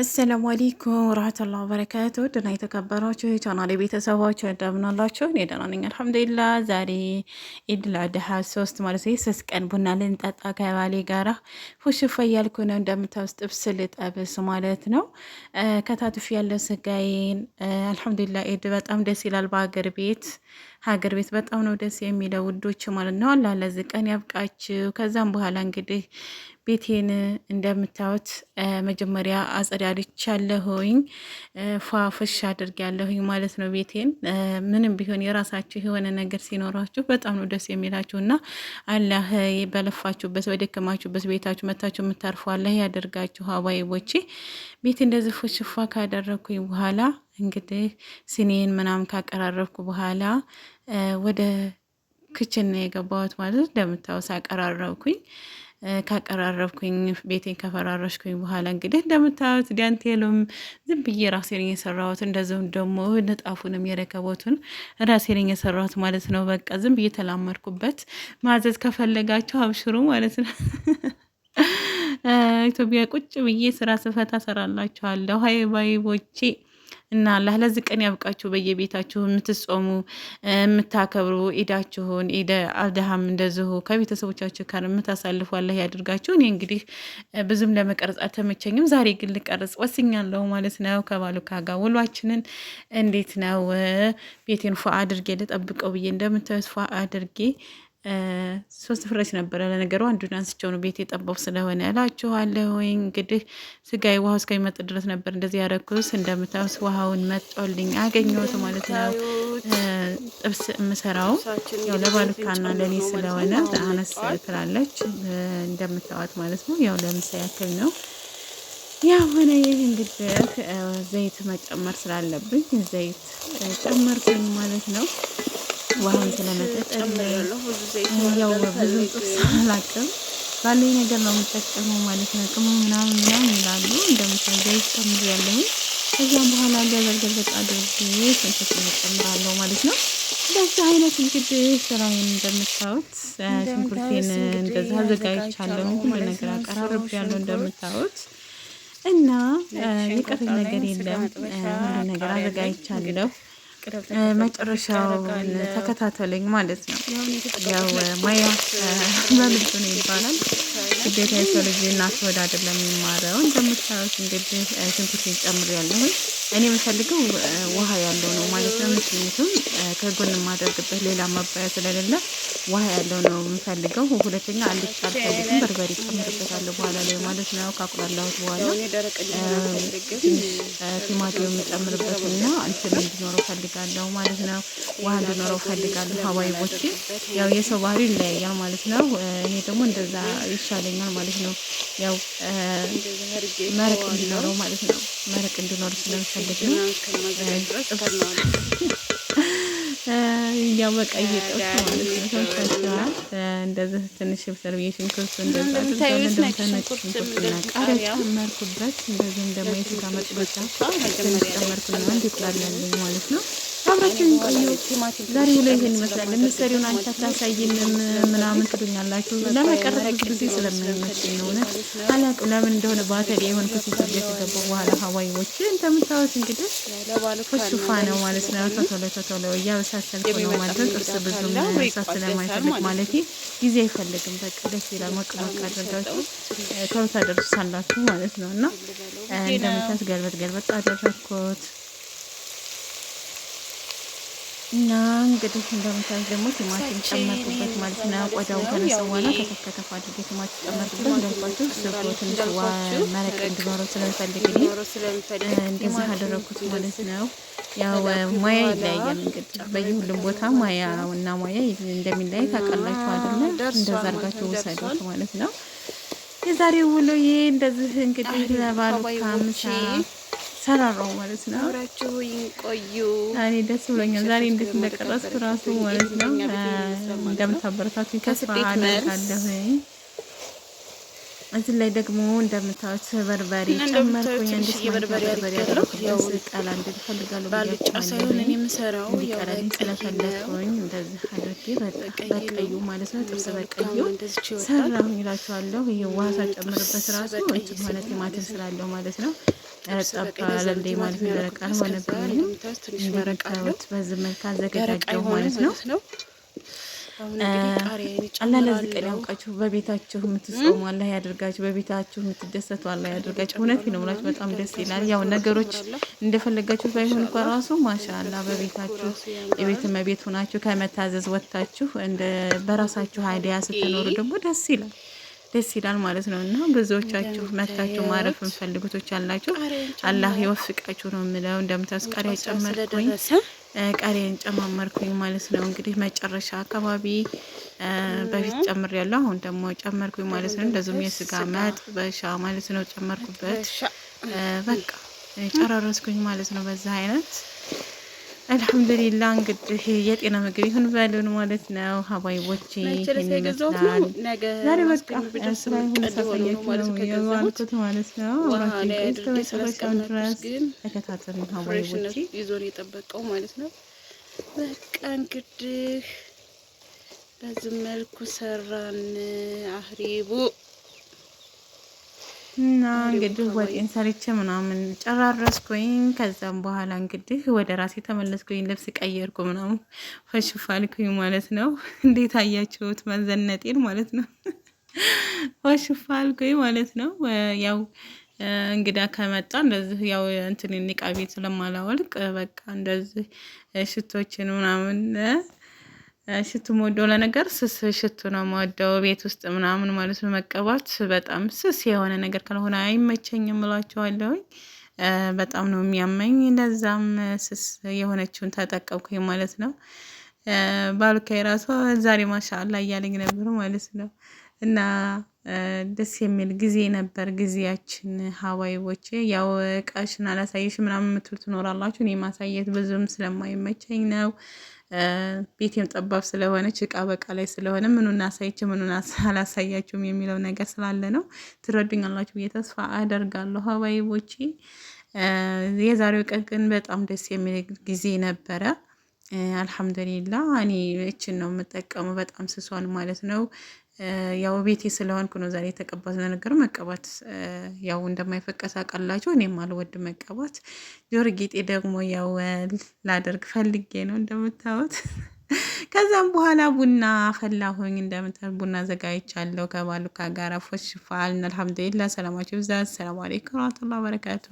አሰላሙ አለይኩም ረህመቱላሂ ወበረካቱህ ደህና የተከበራችሁ የቻናሌ ቤተሰቦች እንደምናላችሁ፣ እኔ ደህና ነኝ አልሐምዱሊላህ። ዛሬ ኢድ አልአድሃ ሶስት ማለት ነው ሶስት ቀን ቡና ልንጠጣ ከባሌ ጋራ ፉሽፋ እያልኩ ነው። እንደምታውስ ጥብስ ልጠብስ ማለት ነው። ከታትፍ ያለው ስጋዬን አልሐምዱሊላህ። ኢድ በጣም ደስ ይላል። በሀገር ቤት ሀገር ቤት በጣም ነው ደስ የሚለው ውዶች ማለት ነው። አላህ ቀን ያብቃችሁ። ከዛም በኋላ እንግዲህ ቤቴን እንደምታዩት መጀመሪያ አጸዳድቻለሁኝ፣ ፏፍሽ ያለሁኝ ማለት ነው። ቤቴን ምንም ቢሆን የራሳችሁ የሆነ ነገር ሲኖራችሁ በጣም ነው ደስ የሚላችሁ እና አላህ በለፋችሁበት በደከማችሁበት ቤታችሁ መታችሁ የምታርፉ አላህ ያደርጋችሁ። አባይቦቼ ቤት እንደዚህ ፎሽፏ ካደረግኩኝ በኋላ እንግዲህ ሲኒን ምናምን ካቀራረብኩ በኋላ ወደ ክችን ነው የገባሁት ማለት እንደምታወስ አቀራረብኩኝ። ካቀራረብኩኝ ቤቴን ከፈራረሽኩኝ በኋላ እንግዲህ እንደምታዩት ዳንቴሉም ዝም ብዬ ራሴን የሰራሁት እንደዚሁም ደግሞ ንጣፉንም የረከቦቱን ራሴን የሰራሁት ማለት ነው። በቃ ዝም ብዬ ተላመድኩበት። ማዘዝ ከፈለጋቸው አብሽሩ ማለት ነው። ኢትዮጵያ ቁጭ ብዬ ስራ ስፈታ ሰራላችኋለሁ። ሀይ ቦቼ እና አላህ ለዚህ ቀን ያብቃችሁ። በየቤታችሁ የምትጾሙ የምታከብሩ ኢዳችሁን ኢደ አድሃም እንደዚሁ ከቤተሰቦቻችሁ ጋር የምታሳልፉ አላህ ያድርጋችሁ። እኔ እንግዲህ ብዙም ለመቀረጽ አልተመቸኝም። ዛሬ ግን ልቀርጽ ወስኛለሁ ማለት ነው። ከባሉካ ጋር ውሏችንን እንዴት ነው ቤቴን ፏ አድርጌ ልጠብቀው ብዬ እንደምታዩት ፏ አድርጌ ሶስት ፍራሽ ነበረ። ለነገሩ አንዱን አንስቼው ነው ቤት የጠባው ስለሆነ እላችኋለሁ። እንግዲህ ስጋዬ ውሃ እስከሚመጥ ድረስ ነበር እንደዚህ ያረኩስ። እንደምታውስ ውሃውን መጦልኝ አገኘሁት ማለት ነው። ጥብስ የምሰራው ያው ለባሉካና ለኔ ስለሆነ አነስ ትላለች እንደምታዋት ማለት ነው። ያው ለምሳ ያክል ነው ያሆነ ይህ እንግዲህ ዘይት መጨመር ስላለብኝ ዘይት ጨመርኩኝ ማለት ነው። ውሃውን ስለመጠቀም ያው ብዙ ሳላቅም ባለኝ ነገር ነው የምጠቀመው ማለት ነው። ቅመም ምናምን ምናምን ይላሉ እንደምታይ ዘይት ጨምሬያለሁኝ። ከዚያም በኋላ ገበር ገልበጥ አድርጌ ሽንኩርት እጨምራለሁ ማለት ነው። በዚህ አይነት እንግዲህ ስራዬን እንደምታዩት ሽንኩርቴን እንደዛ አዘጋጅቻለሁ። ሁሉ ነገር አቀራርቤያለሁ እንደምታዩት እና የቀረኝ ነገር የለም። ሁሉ ነገር አዘጋጅቻለሁ። መጨረሻውን ተከታተለኝ ማለት ነው። ያው ማያ በልብ ነው ይባላል። ግዴታ የሰው ልጅ እናት ወደ አይደለም የሚማረው። እንደምታዩት እንግዲህ ሽንኩርት ጨምር ያለሁኝ እኔ የምፈልገው ውሃ ያለው ነው ማለት ነው። ምክንያቱም ከጎን የማደርግበት ሌላ ማባያ ስለሌለ ውሃ ያለው ነው የምፈልገው። ሁለተኛ አልጫ አልፈልግም፣ በርበሬ ጨምርበታለሁ በኋላ ላይ ማለት ነው። ካቁላላሁት በኋላ ቲማቲም ጨምርበትና እንትን እንዲኖረው ፈልጋለሁ ማለት ነው። ውሃ እንዲኖረው ፈልጋለሁ። ሀባይቦች ያው የሰው ባህሪ ይለያያል ማለት ነው። እኔ ደግሞ እንደዛ ይሻለኛል ማለት ነው። ያው መረቅ እንዲኖረው ማለት ነው። መረቅ እንዲኖር ስለምፈልግ ስለምፈልግ ነው። እኛው በቃ እየጠፉ እንደዚህ ትንሽ ብሰር የሽንኩርት እንደዛሽንኩርትና ቃሪያ ጨመርኩበት። እንደዚህም ደግሞ የስጋ መጥበሻ ጨመርኩና እንዲቁላል ያለኝ ማለት ነው አብራችሁን ቆዩ። ዛሬው ላይ ይሄን ይመስላል። የምትሰሪውን አንቺ አታሳይንም ምናምን ትሉኛላችሁ። ለመቀረጥ ጊዜ ስለምንመስል ነው። እውነት አላውቅም ለምን እንደሆነ ባተሪ የሆንኩት ኢትዮጵያ ከገባሁ በኋላ ሀዋይዎች እንደምታዩት እንግዲህ ፉቹፋ ነው ማለት ነው። ቶሎ ቶሎ እያበሳሰልኩ ነው ማለት ነው። ጥርስ ብዙም እሳት ስለማይፈልግ ማለት ጊዜ አይፈልግም። በቃ ደስ ይላል። ሞቅ ሞቅ አድርጋችሁ ቶሎ ታደርሱታላችሁ ማለት ነው እና እንደምታዩት ገልበጥ ገልበጥ አደረኩት። እና እንግዲህ እንደምታዩት ደግሞ ቲማቲም ጨመርኩበት ማለት ነው። ቆዳው ተነሳ በኋላ አድርጌ ቲማቲም ጨመርኩበት። እንዳልኳችሁ ስጎ ትንሽ መረቅ እንዲኖረው ስለምፈልግ እንደዚህ አደረኩት ማለት ነው። ያው ሙያ ይለያያል እንግዲህ በየሁሉም ቦታ ሙያው እና ሙያ እንደሚለያይ ታውቃላችሁ አይደለ? እንደዛ አድርጋችሁ ውሰዱት ማለት ነው። የዛሬው ውሎዬ እንደዚህ እንግዲህ ለባሉካ ምሳ ሰራራው ማለት ነው። አብራችሁ ይቆዩ። እኔ ደስ ብሎኛል ዛሬ እንዴት እንደቀረስኩ ራሱ ማለት ነው። እንደምታበረታቱኝ ተስፋ አደርጋለሁኝ። እዚህ ላይ ደግሞ እንደምታዩት በርበሬ ጨመርኩኝ። አንድ በርበሬ ያለው ቃል አንድ ፈልጋለሁ ባልጫ ሳይሆን እኔ የምሰራው እንዲቀለኝ ስለፈለኩኝ እንደዚህ አድርጌ በቀዩ ማለት ነው። ጥብስ በቀዩ ሰራሁኝ እላችኋለሁ። ይሄ ዋሳ ጨምርበት ራሱ እጅ ማለት ቲማቲም ስላለው ማለት ነው ጠባል እንዴ ማለት ነው። ደረቅ አልሆነብኝም። እንደምታዩት በዚህ መልክ አዘገጃጀው ማለት ነው። አላህ ለዚህ ቀን ያውቃችሁ። በቤታችሁ የምትጾሙ አላህ ያደርጋችሁ። በቤታችሁ የምትደሰቱ አላህ ያደርጋችሁ። እውነት ነው ብላችሁ በጣም ደስ ይላል። ያው ነገሮች እንደፈለጋችሁ ባይሆን እንኳ ራሱ ማሻአላ በቤታችሁ የቤት እመቤት ሆናችሁ ከመታዘዝ ወጥታችሁ በራሳችሁ ሀዲያ ስትኖሩ ደግሞ ደስ ይላል። ደስ ይላል ማለት ነው። እና ብዙዎቻችሁ መታችሁ ማረፍ የምፈልጉቶች አላችሁ። አላህ ይወፍቃችሁ ነው የምለው። እንደምታስ ቃሪያ ጨመርኩኝ፣ ቃሪያን ጨማመርኩኝ ማለት ነው። እንግዲህ መጨረሻ አካባቢ በፊት ጨምር ያለው አሁን ደግሞ ጨመርኩኝ ማለት ነው። እንደዚሁም የስጋ መጥበሻ ማለት ነው ጨመርኩበት። በቃ ጨራረስኩኝ ማለት ነው በዛ አይነት አልሐምዱሊላ እንግዲህ የጤና ምግብ ይሁን በሉን ማለት ነው። ሀባይቦች ይመስላል ዛሬ በቃ ስራ ይሁን ሳሳያችሁ የዋልኩት ማለት ነው። ድረስ ተከታተሉ ሀባይቦች። ይዞን የጠበቀው ማለት ነው። በቃ እንግዲህ በዚህ መልኩ ሰራን አህሪቡ እና እንግዲህ ወጤን ሰርቼ ምናምን ጨራረስኩኝ። ከዛም በኋላ እንግዲህ ወደ ራሴ ተመለስኩኝ፣ ልብስ ቀየርኩ፣ ምናምን ፈሽፋልኩኝ ማለት ነው። እንዴት አያችሁት? መዘነጤን ማለት ነው። ፈሽፋልኩኝ ማለት ነው። ያው እንግዳ ከመጣ እንደዚህ ያው እንትን ኒቃቤት ስለማላወልቅ በቃ እንደዚህ ሽቶችን ምናምን ሽቱ መወደው ለነገር ስስ ሽቱ ነው መወደው ቤት ውስጥ ምናምን ማለት ነው መቀባት በጣም ስስ የሆነ ነገር ካልሆነ አይመቸኝም እላቸዋለሁኝ። በጣም ነው የሚያመኝ። ለዛም ስስ የሆነችውን ተጠቀምኩኝ ማለት ነው። ባልካ የራሷ ዛሬ ማሻአላ እያለኝ ነበር ማለት ነው እና ደስ የሚል ጊዜ ነበር ጊዜያችን። ሀዋይቦቼ ያው እቃሽን አላሳየሽ ምናምን የምትሉ ትኖራላችሁ። እኔ ማሳየት ብዙም ስለማይመቸኝ ነው። ቤቴም ጠባብ ስለሆነች እቃ በቃ ላይ ስለሆነ ምኑን አሳይች ምኑን አላሳያችሁም የሚለው ነገር ስላለ ነው። ትረዱኛላችሁ ብዬ ተስፋ አደርጋለሁ ሀዋይቦቼ። የዛሬው ቀን ግን በጣም ደስ የሚል ጊዜ ነበረ። አልሐምዱሊላ እኔ እችን ነው የምጠቀመው፣ በጣም ስሷን ማለት ነው። ያው ቤቴ ስለሆንኩ ነው ዛሬ የተቀባት። ለነገሩ መቀባት ያው እንደማይፈቀስ አውቃላችሁ። እኔም አልወድ መቀባት። ጆሮ ጌጤ ደግሞ ያው ላደርግ ፈልጌ ነው እንደምታዩት። ከዛም በኋላ ቡና ፈላሁኝ እንደምታዩት ቡና ዘጋጅቻለሁ። ከባሉካ ጋር ፎሽፋል። አልሐምዱሊላ። ሰላማችሁ ብዛት። ሰላም አለይኩም ወራህመቱላሂ ወበረካቱ